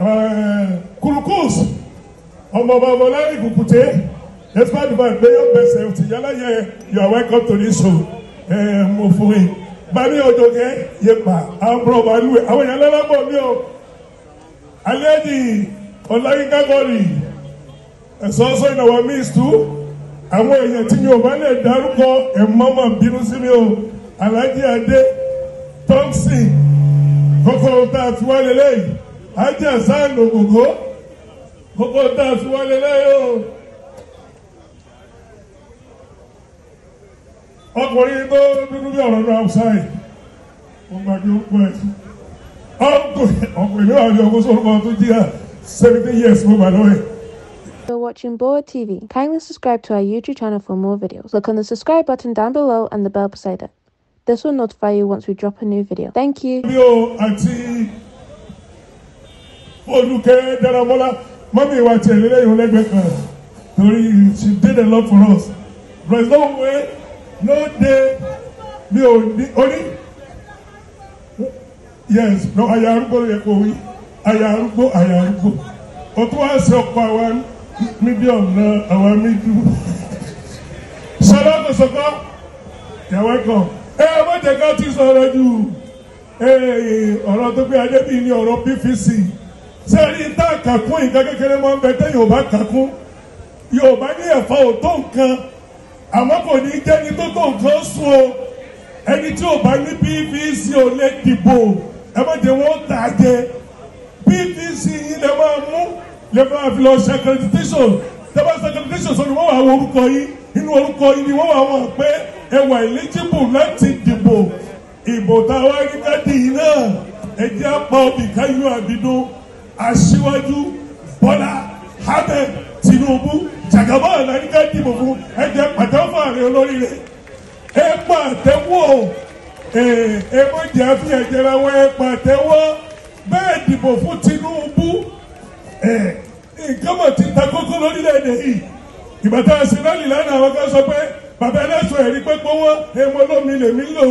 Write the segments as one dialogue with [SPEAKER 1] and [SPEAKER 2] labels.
[SPEAKER 1] Eh, kurukuus ọmọ ọmọláyé kùkùté despite the fact pé yóò bẹ̀sẹ̀ òtì yálàyẹ you are welcome to this show mo fún yín bani ojoge yepa àwọn ọmọ ọmọ ìlú àwọn mi o alẹ́ di ọ̀làyínká gọ́ọ̀lì ẹ̀sọ́ ọ̀sọ́ ìnáwó miss too àwọn èèyàn tí mi ò bá lè dárúkọ ẹ̀mọ́mọ́ bínú sí mi o Alhaji Adé tá a wá àti àsáǹdò gògó kókó tá wálé lẹ́yìn o. ọkùnrin dúdú bí ọ̀rọ̀ náà ṣáì wọ́n gbàgbé ó pẹ́ ọkùnrin náà ni sọ̀rọ̀ kan tó jíra years mo gbà ẹ̀.
[SPEAKER 2] You're watching Boa TV. Kindly subscribe to our YouTube channel for more videos. Click on the subscribe button down below and the bell beside it. This will notify you once we drop a new video. Thank you.
[SPEAKER 1] Olùkẹ́ Dáramọ́lá mọ́mí ìwà tiẹ̀ lélẹ́yìn lẹ́gbẹ̀ẹ́ kan torí she did a lot for us there is no way no day mi ò ní oní yes no àyà arúgbó yẹ kó wí àyà arúgbó àyà arúgbó o tún wá sí ọ̀pọ̀ àwa medium náà àwa medium sọlá kò sọkọ you're welcome ẹ ọmọ jẹ ká ti sọ̀rọ̀ jù ọ̀rọ̀ tó gbé adébíyí ni ọ̀rọ̀ pvc. ṣe rí tá a kà kún nǹkan kékeré máa ń bẹ tẹ́ Yorùbá kà kún Yorùbá ní ẹ̀fọ́ ò nǹkan àmọ́ kò ní tó tó nǹkan sùn o ẹni tí ò bá ní PVC ò lè dìbò ẹ má jẹ́ tà PVC yìí lè máa mú lè máa fi lọ ṣe accreditation tẹ́wọ́n ṣe accreditation sọ ni wọ́n wà wọ orúkọ yìí inú orúkọ yìí ni wọ́n wà wọ́n pé eligible aṣíwájú Bọ́lá Ahmed Tinubu jàgàbọ́ àlàníkà dìbò fún ẹ̀jẹ̀ pàtẹ́wọ́ àrẹ olóríire ẹ pàtẹ́wọ́ ẹ mọ̀ jẹ́ fi ẹ̀jẹ̀ ra wọ́n ẹ pàtẹ́wọ́ bẹ́ẹ̀ dìbò fún Tinubu nǹkan mọ̀ ti ta kókó lórílẹ̀‐èdè yìí ìbátan asinali lánàá àwọn kan sọ pé bàbá ẹlẹ́sùn ẹ̀rí pé gbowó èèmọ̀ lómi lèmi ń lò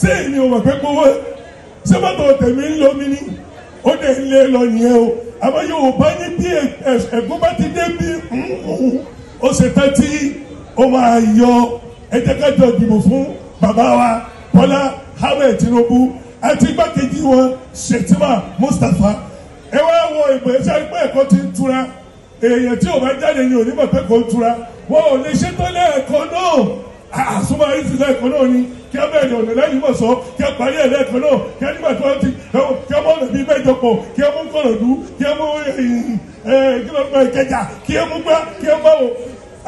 [SPEAKER 1] sí ìní òwò pé gbowó ṣé mọ́tò tèmi ń lómi ni ó lè lé lọ yẹn o àmọ́ Yorùbá ní bí ẹ̀gún bá ti dé bí ó ṣe tán tí ó máa yọ ẹ jẹ́ ká jọ dìbò fún bàbá wa Bọ́lá Ahmed Tinubu àti igbákejì wọn Shettima Mustapha ẹ wá wọ ìmọ̀ ẹ̀ṣẹ́ ẹgbẹ́ ẹ̀kọ́ ti ń tura èèyàn tí ò bá jáde ní onímọ̀ pé ń tura wọn ò lè ṣètò lẹ́ẹ̀kan náà àsomọ́ ah, ayé ti lẹ́ẹ̀kan náà ni kí ẹ bẹ̀rẹ̀ ọ̀nà lẹ́yìn mọ̀ sọ kí ẹ parí ẹ̀ lẹ́ẹ̀kan náà kí ẹ nígbà tí wọ́n ti kí ẹ mọ̀ ọ̀nà bíi mẹ́jọ pọ̀ kí ẹ mú kọ̀rọ̀dú kí ẹ mú kílọ̀gbọ̀n ìkẹjà kí ẹ mú gbá kí ẹ mọ̀ wò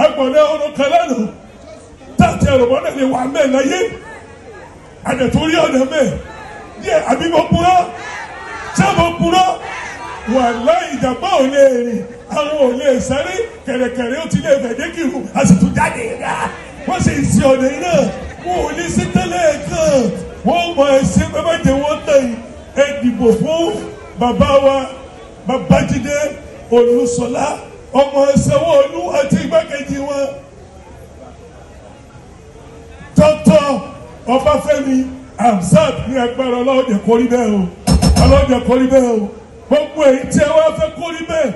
[SPEAKER 1] agbọ̀nẹ́ ọ̀nà kan lẹ́nu táàtì ẹ̀rọ̀bọ̀ náà lè wà mẹ́ láyé àdètúrí ọ̀nà mẹ́ díẹ̀ àbí mo purọ́ ṣé mo purọ́ wàhálà ìjàmbá ò lè rìn àwọn ò lè sáré kẹ̀rẹ̀kẹ̀rẹ̀ ó ti lè fẹ̀dẹ́kìrù a sì tún jáde rà wọ́n sì ń sin ọ̀nà yìí náà wọn ò ní sí tẹ́lẹ̀ kan wọ́n mọ̀ ẹ́ sí bàbá jẹ́ wọ́n tẹ̀ ẹ́ dìbò fún bàbá wa Babájídé Olúṣọlá ọmọ Sanwó-Olú àti igbákejì wọn tọ́tọ́ Ọbáfẹ́mi Hamzat ní agbára ọlọ́ọ̀dẹ kórí bẹ́ẹ̀ o ọlọ́ọ̀dẹ kórí bẹ́ẹ̀ o gbogbo èyí tí ẹ wá fẹ́ kórí bẹ́ẹ̀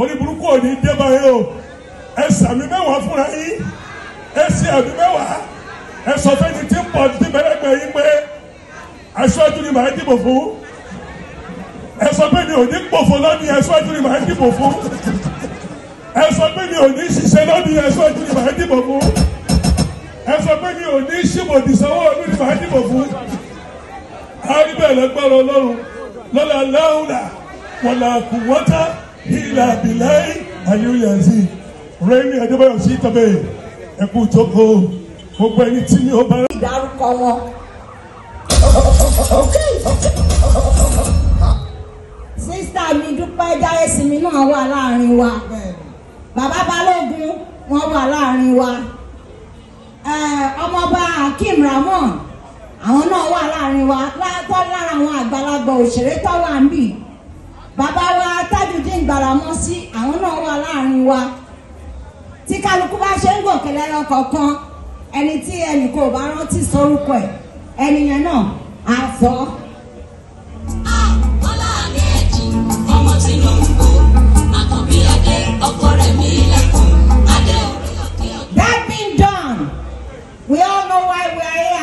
[SPEAKER 1] oníburúkú ò ní dé báyìí o ẹ sàmì mẹ́wàá fúnra yín ẹ sí àmì mẹ́wàá ẹ sọ fẹ́ni tí ń bọ̀ ní mẹ́rẹ́gbẹ̀ yín pé aṣáájú ni màá dìbò fún ẹ sọ pé ni ò ní pòfo lọ́nìí aṣáájú ni màá dìbò fún ẹ sọ pé ni ò ní ṣiṣẹ́ lọ́nìí aṣáájú ni màá dìbò fún ẹ sọ pé ni ò ní ṣìbòdì sanwó ọdún ni màá dìbò fún àárí bẹ́ẹ̀ lẹ́gbọ́rọ̀ ọlọ́run lọ́la láwùlà wọ̀là kùwọ́tà ìlà bìláì àyùyàzì. Rainy Adébáyọ̀ sí ìtọ́bẹ̀ ẹ̀kú ìjókòó gbogbo ẹni tí mi ò bá. ìdárúkọ wọn.
[SPEAKER 2] sísá mi dúpẹ́ jáyèsí mi náà wà láàrin wa bàbá balógun wọn wà láàrin wa ọmọọba Hakeem Ramon àwọn náà wà láàrin wa látọ́ lára àwọn àgbàlagbà òṣèré tó wà ń bì bàbá wa Tajudeen Gbàràmọ́sí àwọn náà wà láàrin wa tí kálukú bá ṣe ń gòkè lẹ́yọ kọ̀ọ̀kan ẹni tí ẹnì kò bá rántí sorúkọ ẹ̀ ẹnìyẹn náà á fọ́. That being done, we all know why we are here.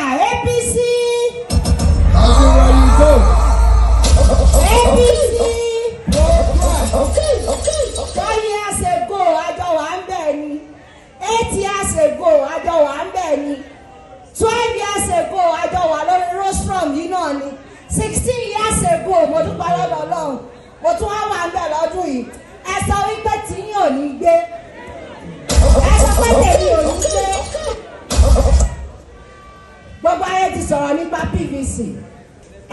[SPEAKER 2] sixteen years ago mo dúpẹ́ lọ́dọ̀ ọlọ́run mo tún wá wà níbẹ̀ lọ́dún yìí ẹ sọ wípé tìyín ò ní gbé ẹ sọ pé tèmi ò ní gbé gbogbo ayé ti sọ̀rọ̀ nípa PVC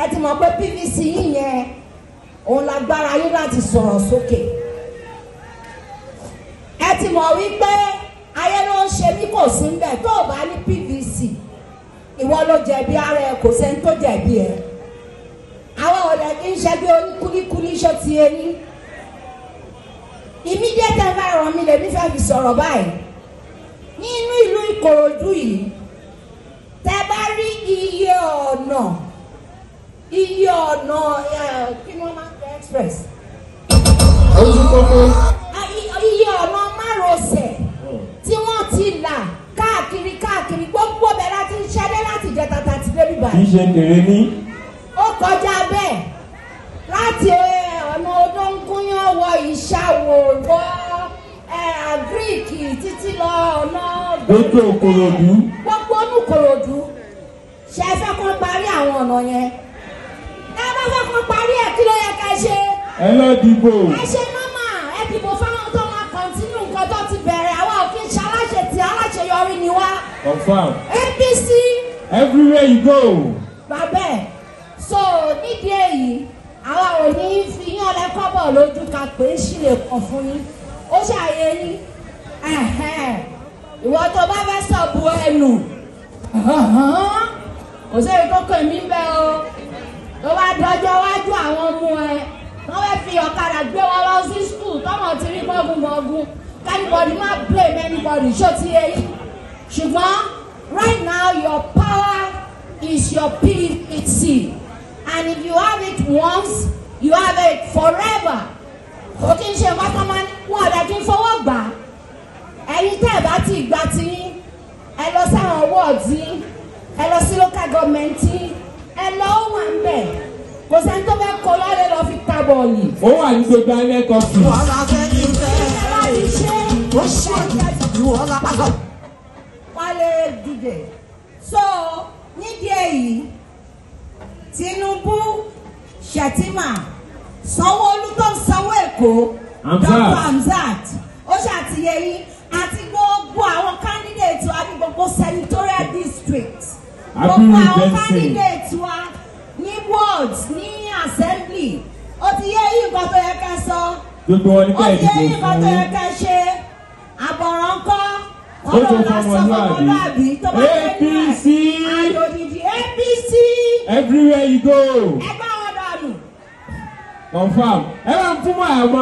[SPEAKER 2] ẹ ti mọ̀ pé PVC yìí yẹn òun lágbára yín láti sọ̀rọ̀ sókè ẹ ti mọ̀ wípé ayé ló ń ṣe mí kò sí ń bẹ̀ tó o bá ní PVC ìwọ ló jẹ̀bi ara ẹ kò sẹ́ni tó jẹ̀bi ẹ rẹ̀ kí n ṣẹgbẹ́ oníkúlíkúlí iṣẹ́ ti ẹni immediate environment mi lèmi fẹ́ fi sọ̀rọ̀ Ni ní inú ìlú Ìkòròdú yìí tẹ bá rí iye ọ̀nà iye ọ̀nà kí express. ojú ah, kókó. iye ọ̀nà márosẹ̀ tí wọ́n ti là káàkiri káàkiri gbogbo ọbẹ̀ láti ṣẹ́dẹ́ láti jẹ tata ti débi báyìí. kì í ṣe kéré ní. títí lọ ọ̀nà
[SPEAKER 1] gbogbo òkòròdú.
[SPEAKER 2] gbogbo onúkòròdú ṣe é fẹ́ kó parí àwọn ọ̀nà yẹn ẹ bá fẹ́ kó parí ẹ̀ kí ló yẹ ká ṣe.
[SPEAKER 1] ẹ lọ dìbò. ẹ ṣe
[SPEAKER 2] nọ́mà ẹ dìbò fáwọn tó máa kọ̀ntínú nǹkan tó ti bẹ̀rẹ̀ àwa ò kí ń ṣe aláṣẹ tí ni wá. confam. APC.
[SPEAKER 1] everywhere you go.
[SPEAKER 2] bàbá so nídìí èyí àwa ò ní fi yín ọlẹ́kọ́bọ̀ lójú ká pé sílẹ̀ kàn fún yín ó ṣàyẹ yín ìwọ tó bá fẹ́ sọ̀bù ẹnu kò sẹ́yìn kókó mi bẹ́ o tó bá dọjọ́ wájú àwọn ọmọ ẹ wọ́n fẹ́ fi ọ̀kadà gbé wọn lọ sí skul tọ́mọ ti rí gbọ́gun gbọ́gun kẹ́nìbọ̀dì má blame anybody ṣó ti yẹ yìí ṣùgbọ́n right now your power is your PVC e and if you have it once you have it forever kò kí n ṣe nǹkan tó máa ọ̀dà kí n fọwọ́ ẹ̀yin tẹ́ ẹ̀ bá ti gba ti ẹ lọ sáwọn wọ́ọ̀dì ẹ lọ sí local government ẹ lọ ó wà ń bẹ̀ kò sẹ́ni tó fẹ́ kó lọ́lẹ̀ lọ fi ta bọ̀ọ̀lì.
[SPEAKER 1] ó wà ní gbogbo alẹ́ kan sí. wọ́n
[SPEAKER 2] la fẹ́ fẹ́ ó ṣe ìwọ́n la bá lọ. wálé dìde so nídìí èyí Tinubu Shettima Sanwó-Olú tó ń sanwó Èkó Dr. Hamzat ó ṣàtìyẹ yín gbogbo senatorial district gbogbo àwọn candidate wa ní wards ní assembly ó ti yé yìí nǹkan tó yẹ ká sọ
[SPEAKER 1] ó ti yé yìí nǹkan tó yẹ ká
[SPEAKER 2] ṣe àbọ̀rọ̀ ńkọ́
[SPEAKER 1] ọlọ́run á sọ fọmọlúàbí
[SPEAKER 2] tó bá dé nílẹ̀ àyòdìdì
[SPEAKER 1] APC everywhere you go. ẹ bá wọn dànù. confam ẹ bá ń fún mọ́ àwọn.